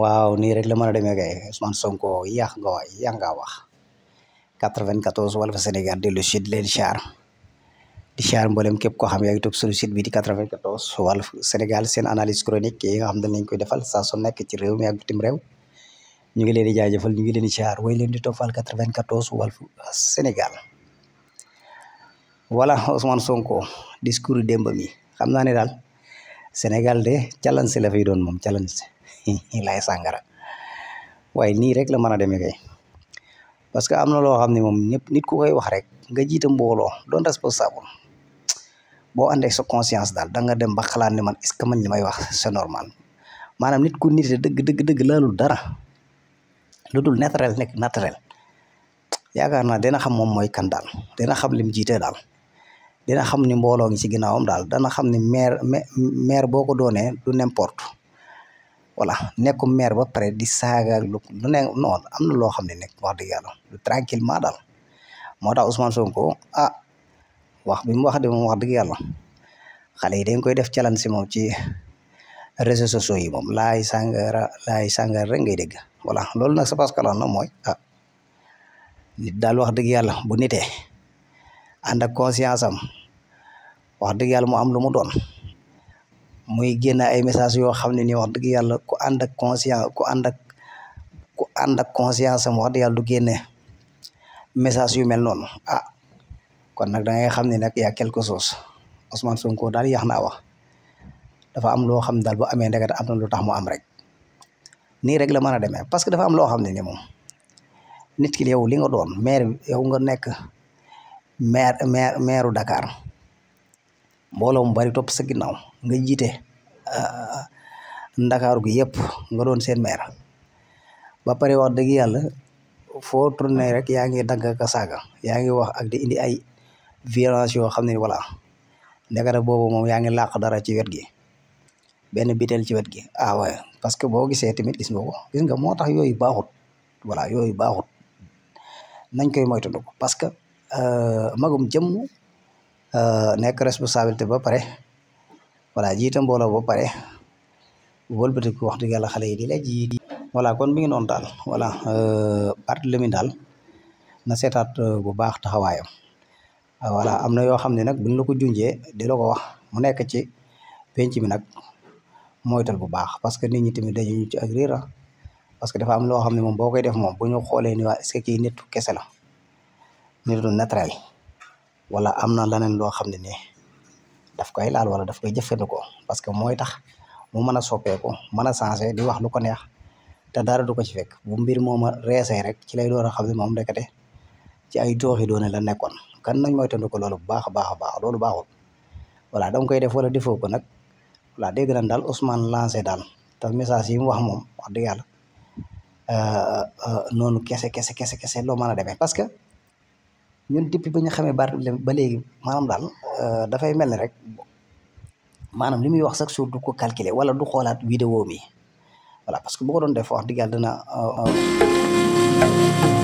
waaw nii rek la mën a demee kay Ousmane Sonko yàq nga wax yàq nga wax 94 Walf Sénégal dellu si di leen char di chair mboolem képp koo xam yaa ngi toog suñu site bi di 94 Walf Sénégal seen analyse chronique yi nga xam dañ koy defal saa nekk ci réew mi ak bitim réew ñu ngi leen di jaajëfal ñu ngi leen di char way leen di toppal 94 Walf Sénégal voilà Ousmane Sonko discours démb mi xam naa ne daal Sénégal de challenge la fay doon moom challenge laay sàngara waaye nii rek la mën a demee kay parce que am na loo xam ne moom ñëpp nit ku koy wax rek nga jiita mbooloo doon responsable boo àndee sa conscience daal danga dem ba xalaat ne man est ce que man li may wax c'est normal maanaam nit ku nite dëgg dëgg dëgg laalul dara lu dul naturel nekk naturel yaakaar naa dina xam moom mooy kan daal dina xam lim jiite daal. dina xam ni mbooloo ngi ci ginnaawam daal dana xam ni maire maire boo ko doonee du n'importe voilà nekkum maire ba pare di saaga lu lu ne non am na loo xam ne nekk wax dëgg yàlla lu tranquillement daal moo tax Ousmane Sonko ah wax bi mu wax de moom wax dëgg yàlla xale yi dañ koy def calan si moom ci réseaux sociaux yi moom laay sàngara laay sàngara rek ngay dégg voilà loolu nag c'est parce que lan la mooy ah nit daal wax dëgg yàlla bu nitee ànd ak conscience am wax dëgg yàlla mu am lu mu doon muy génn ay message yoo xam ne ni wax dëgg yàlla ku ànd ak conscience ku ànd ak ku ànd ak conscience am wax dëgg yàlla du génne message yu mel noonu ah kon nag da ngay xam ne nag yaa quelque chose Ousmane Sonko daal yàq naa wax dafa am loo xam ne daal bu amee ndekete am na lu tax mu am rek nii rek la mën a demee parce que dafa am loo xam ne ni moom nit ki yow li nga doon maire yow nga nekk maire maire maireu Dakar mbooloo mu bari topp sa ginnaaw nga jiite ah, ndakaaru gi yëpp nga doon seen maire ba pare wax dëgg yàlla foo tourné rek yaa ngi dagg saaga yaa ngi wax ak di indi ay violence yoo xam ne voilà ndekete boobu moom yaa ngi làq dara ci wet gi benn biteel ci wet gi ah waaye parce que boo gisee tamit gis nga ko gis nga moo tax yooyu baaxut voilà yooyu baaxut nañ koy moytandiku parce que euh, magum jëmm nekk responsabilité ba pare voilà jiite mbooloo ba pare wëlbatiku wax dëgg yàlla xale yi di ji di voilà kon mi ngi noonu daal voilà Barthélémy daal na seetaat bu baax taxawaayam voilà am na yoo xam ne nag buñ la ko junjee di la ko wax mu nekk ci penc mi nag moytal bu baax parce que nit ñi tamit dañuy ci ak riira parce que dafa am loo xam ne moom boo koy def moom bu ñu xoolee ni waa est-ce que kii nitu kese la nitu naturel wala am na leneen loo xam ne nii daf koy laal wala daf koy jëfandikoo parce que mooy tax mu mën a soppeeku mën a changé di wax lu ko neex te dara du ko ci fekk bu mbir moom a reesee rek ci lay door a xam ne moom ndekete ci ay tooxi doone la nekkoon kan nañ moytandiku loolu bu baax baax a baax loolu baaxul voilà danga koy def wala defoo ko nag voilà dégg nañ daal Ousmane lancé daal te message yi mu wax moom wax dëgg yàlla euh, euh, noonu kese kese kese kese loo mën a demee parce que ñun depuis ba ñu xamee Barthélemy ba léegi maanaam daal euh, dafay mel ni rek maanaam li muy wax chaque jour du ko calculer wala du xoolaat vidéo mi voilà parce que bu doon def wax dëgg yàlla dina euh, euh,